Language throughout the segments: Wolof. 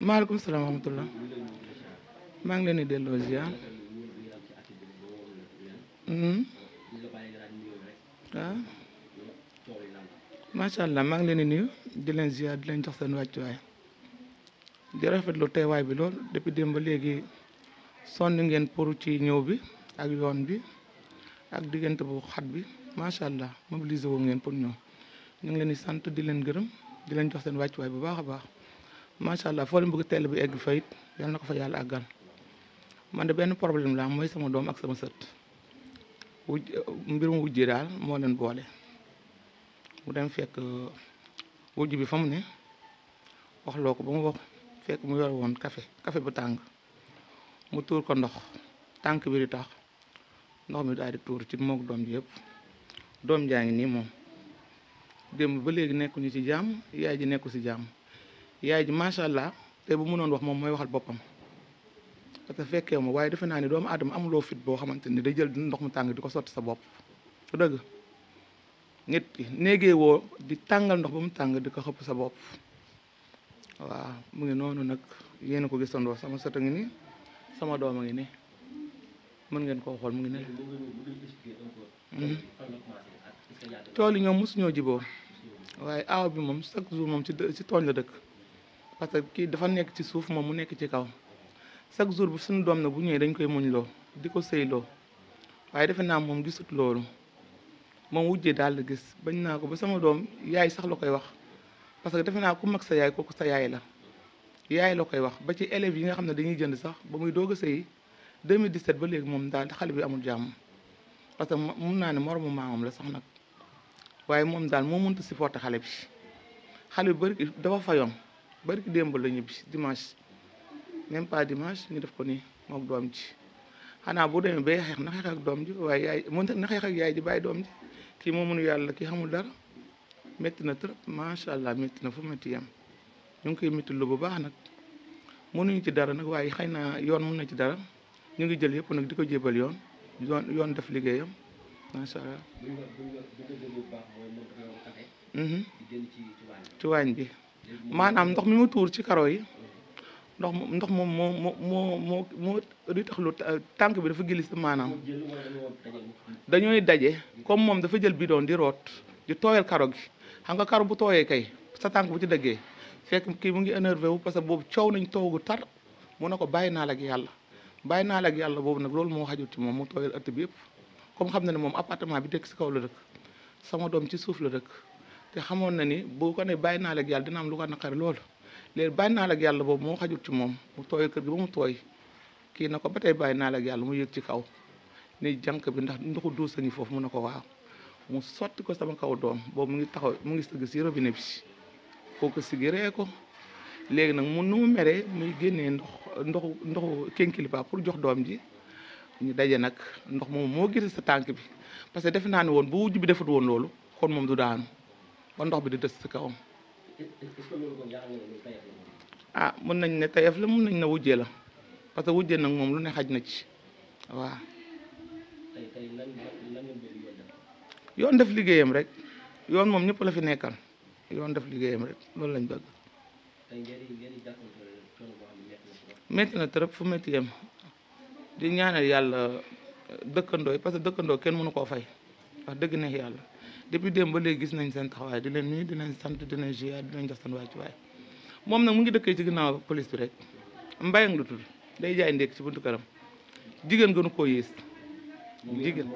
maaleykum salaam wa rahmatullah maa ngi leen di delloo ziar waaw hmm? ah. macha allah leen di nuyu di leen ziar di leen jox seen wàccuwaay di rafetlu teewaay bi lool depuis démb ba léegi sonn ngeen pour ci ñëw bi ak yoon bi ak diggante bu xat bi macha allah mobilisé wu ngeen pour ñëw ñu ngi leen di sant di leen gërëm di leen jox seen wàccuwaay bu baax a baax. macha allah foo leen bëgg teel bi egg fa it yal na ko fa yàlla àggal man de benn problème la mooy sama doom ak sama sët wuj mbir mu wujjee daal moo leen boole mu dem fekk wujj bi fa mu ne wax loo ko ba mu wax fekk mu yor woon kafe kafe bu tàng mu tuur ko ndox tànk bi di tax ndox mi daal di tuur ci mook doom ji yëpp doom jaa ngi nii moom démb ba léegi nekkuñu ci jàmm yaay ji nekku ci jàmm yaay ji macha allah te bu mënoon wax moom mooy waxal boppam parce que fekkee ma waaye defe naa ne doomu aadama amuloo fit boo xamante ni day jël ndox mu tàng di ko sotti sa bopp su dëgg nit ki néegee woo di tàngal ndox ba mu tàng di ko xëpp sa bopp waaw mu ngi noonu nag yéen a ko gisandoo sama sët a ngi nii sama doom a ngi nii mën ngeen koo xool mu ngi ne mm-hmm. tool yi ñoom mosuñoo jiboo waaye aaw bi moom chaque jour moom ci ci tooñ la dëkk parce que kii dafa nekk ci suuf moom mu nekk ci kaw chaque jour bu suñu doom na bu ñëwee dañ koy muñ loo di ko sëyloo waaye defe naa moom gisut loolu moom wujjee daal la gis bañ naa ko ba sama doom yaay sax la koy wax parce que defe naa ku mag sa yaay kooku sa yaay la yaay la koy wax ba ci élèves yi nga xam ne dañuy jënd sax ba muy doog a sëy 2017 ba léegi moom daal xale bi amul jàmm parce que mun naa ne moromu maamam la sax nag waaye moom daal moo mënta supporter xale bi xale bi bëri dafa fayoon bari ki démb la bi dimanche même pas dimanche ñu def ko nii moom doom ji xanaa bu demee bay xeex na xeex ak doom ji waaye yaay mënta na xeex ak yaay ji bàyyi doom ji kii moo nu yàlla kii xamul dara metti na trop macha allah métti na fu métti yam ñu ngi koy métti lu bu baax nag mënuñu ci dara nag waaye xëy naa yoon mun na ci dara ñu ngi jël yëpp nag di ko jébal yoon yoon def liggéeyam mhm. ci waañ bi. maanaam ndox mi mu tuur ci karo yi ndox ndox moom moo moo moo moo moo du tax lu bi dafa glissé maanaam dañooy daje comme moom dafa jël bidon di root di tooyal karo gi xam nga karo bu tooyee kay sa tànk bu ci dëggee fekk kii mu ngi énervé wu parce que boobu coow nañ toogu tar mu ne ko bàyyi naa la yàlla bàyyi naa la yàlla boobu nag loolu moo xajul moom mu tooyal ëtt bi yëpp comme xam na ne moom appartement bi dëkk si kaw la dëkk sama doom ci suuf la dëkk te xamoon na ni boo ko ne bàyyi naa la yàlla dina am lu ko naqari loolu léegi bàyyi naa boobu moo xajut ci moom mu tooy kër gi ba mu tooy kii na ko ba tey bàyyi naa la yàlla mu yëg ci kaw ni jànk bi ndax ndoxu duus a foofu mu ne ko waaw mu sotti ko sama kaw doom boobu mu ngi taxaw mu ngi sëgg si robinet bi koo ko sigi ko léegi nag mu nu mu muy génnee ndox ndoxu ndoxu kénkilipa pour jox doom ji ñu daje nag ndox moom moo gis sa tànk bi parce que defe naa ne woon bu wujj bi defut woon loolu kon moom du daanu ba ndox bi di des ci kawam. ah mën nañ ne tayef la mën nañ ne wujjee la parce que wujjee nag moom lu ne xaj na ci waaw. yoon def liggéeyam rek yoon moom ñëpp la fi nekkal yoon def liggéeyam rek loolu lañ bëgg. metti na trop fu metti yem di ñaanal yàlla dëkkandoo yi parce que dëkkandoo kenn mënu koo fay wax dëgg neex yàlla. depuis démb ba léegi gis nañ seen taxawaay di leen nuyu di leen sant di leen jiyaat di leen jox moom nag mu ngi dëkkee ci ginnaaw police bi rek mbayang lu tudd day jaay ndékk ci buntu këram jigéen gënu koo yées jigéen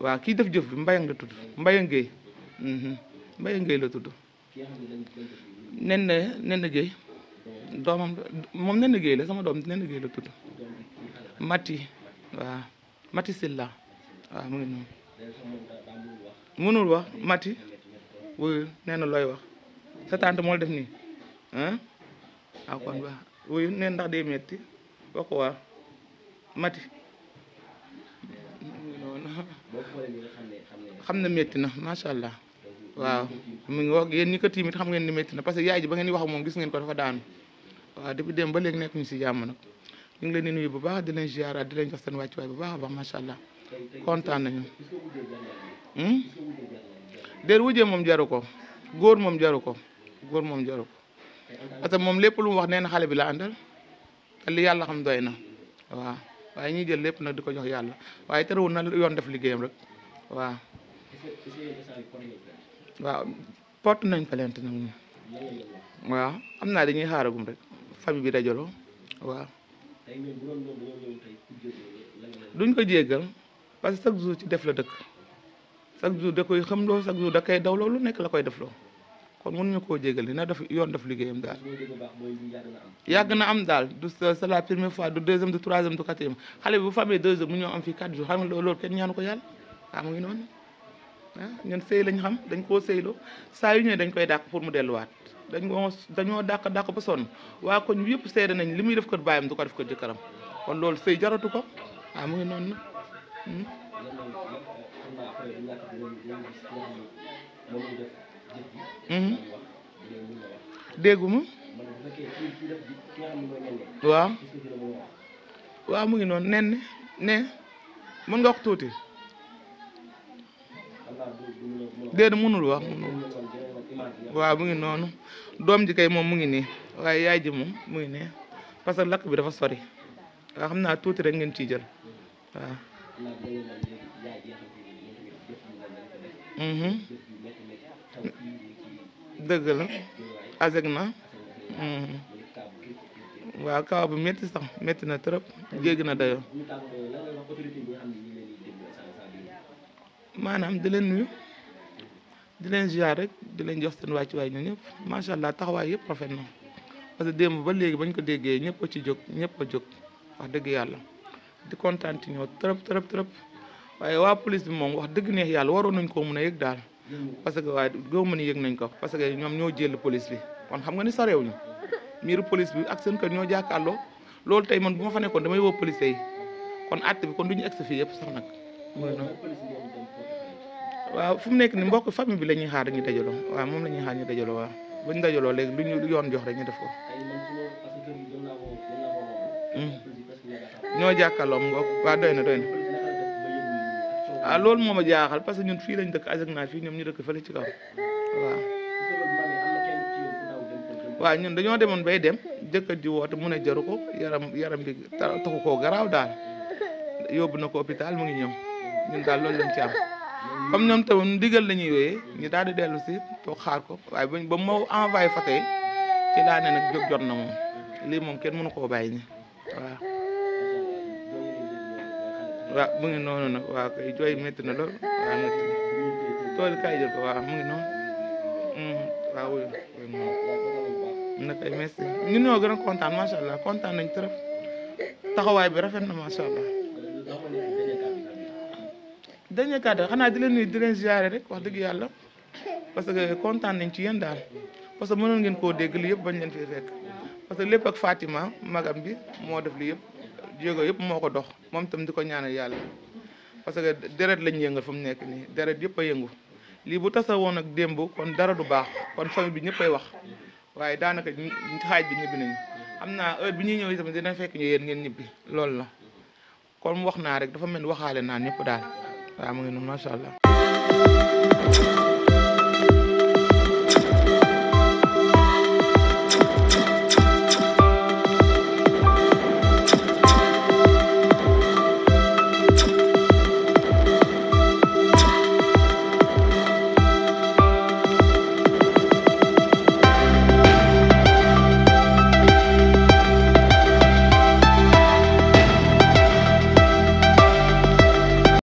waaw kii def jëf bi mbayang la tudd mbayang géey mhm. mbayang géey la tudd nen na nen doomam moom nen na géey la sama doom nen na géey la tudd mati waaw mati silla waaw mu ngi noonu mënul wax mati wuyul nee na looy wax sa tante moo def nii ah waaw kon baax wuyul nee ndax day metti wax ko waaw mati xam na metti na macha allah waaw mu ngi wax yéen ñi ko tiimit xam ngeen ni metti na parce que yaay ji ngeen di wax moom gis ngeen ko dafa daanu waaw depuis dem ba léegi nekkuñu si jàmm nag ñu ngi leen di nuyu bu baax di leen ziaraat di leen jox seen wàccuwaay bu baax a baax macha allah kontaan nañu. Hmm? déet wujjee moom jaru ko góor moom jaru ko góor moom jaru ko parce moom lépp lu mu wax nee na xale bi la àndal te li yàlla xam doy na waaw waaye ñuy jël lépp nag di ko jox yàlla waaye terewul na yoon def liggéeyam rek waaw. waaw nañ plainte nag waaw am naa dañuy xaaragum rek famille bi dajaloo waaw. duñ ko jéggal parce que chaque jour ci def la dëkk chaque jour da koy xamloo chaque jour da koy daw loolu nekk la koy def loo kon mënuñu koo jégal dina def yoon def liggéeyam daal yàgg na am daal du c'est la première fois du deuxième du troisième du quatrième xale bi bu famee deux jours mu ñëw am fii quatre jours xam nga loolu kenn ñaanu ko yàlla waaw ah, mu ngi noonu ah ñun sëy lañ xam dañ koo sëyloo saa yu ñëwee dañ koy dàq pour mu delluwaat dañ ko dañoo dàq dàq ba sonn waa koñ bi yëpp nañ li muy def kër baayam du ko def kër jëkkëram kon loolu sëy jaratu ko waaw mu ngi noonu hmm? mu ngi noonu nen ne mën nga wax tuuti déedéet mënul wax mënul waaw mu ngi noonu doom ji kay moom mu ngi nii waaye yaay ji moom mu ngi ne parce que lakk bi dafa sori waaw xam naa tuuti rek ngeen ciy jël waaw. Mhm. dëgg la azeg na mhm. waaw kaw bu sax métti na trop jéggi na dayoo maanaam di leen di leen rek di leen jox seen wàccuwaay ñoom ñëpp macha allah taxawaay yëpp rafet na parce que démb ba léegi bañ ko déggee ñëpp a ci jóg ñëpp a jóg wax dëgg yàlla di kontaan ci ñoo trop trop trop waaye waa police bi moom wax dëgg neex yàlla waroon nañ koo mën a yëg daal. parce que waaye doo mën a yëg nañ ko parce que ñoom ñoo jël police bi kon xam nga ni sareewuñu miiru police bi ak seen kër ñoo jàkkaarloo loolu tey man bu ma fa nekkoon damay woo police yi kon àtte kon du ñu egg fii yëpp sax nag. mooy waaw fu mu nekk ni mbokk famille bi la ñuy xaar ñu dajaloo waaw moom la ñuy xaar ñu dajaloo waaw buñ dajaloo léegi lu ñu yoon jox rek ñu def ko. Hmm. ñoo jàkkaarloo ngoog waaw doy na doy ah, loolu moo ma jaaxal parce que ñun fii lañ dëkk Azak fii ñoom ñu dëkk fële ci kaw waaw. waaw ñun dañoo demoon bay dem jëkkër ji woote mu ne jaru ko yaram yaram bi taxu koo garaaw daal yóbbu na ko hôpital mu ngi ñëw ñun daal loolu lañ ci am. comme ñoom tamit ndigal la ñuy wooyee ñu daal dellusi dellu xaar ko waaye ba ba ma envoyé fa tey ci laa ne nag jot na moom lii moom kenn mënu koo bàyyi ñi waaw. waaw mu ngi noonu nag waaw kay jooy métti na lool waaw métti na tool kay jël ko waaw mu ngi noonu mm-hmm, waaw na kay merci ñun ñoo gën a kontaan macha allah kontaan nañ trop bi rafet na macha allah. dernier kàddu xanaa di leen nuyu di leen ziare rek wax dëgg yàlla parce que kontaan nañ ci yéen daal parce que mënoon ngeen koo dégg li yëpp bañ leen fii fekk parce que lépp ak Fatima magam bi moo def lu yëpp jéego yëpp moo ko dox moom itam di ko ñaanal yàlla parce que deret lañ yëngal fu mu nekk nii deret yëpp a yëngu lii bu tasa woon ak démb kon dara du baax kon famille bi ñëpp ay wax waaye daanaka xaaj bi ñibbi nañu xam naa heure bi ñuy ñëw itam dina fekk ñu yéen ngeen ñibbi loolu la kon wax naa rek dafa mel waxaale naa ñëpp daal waaw mu ngi noonu macha allah.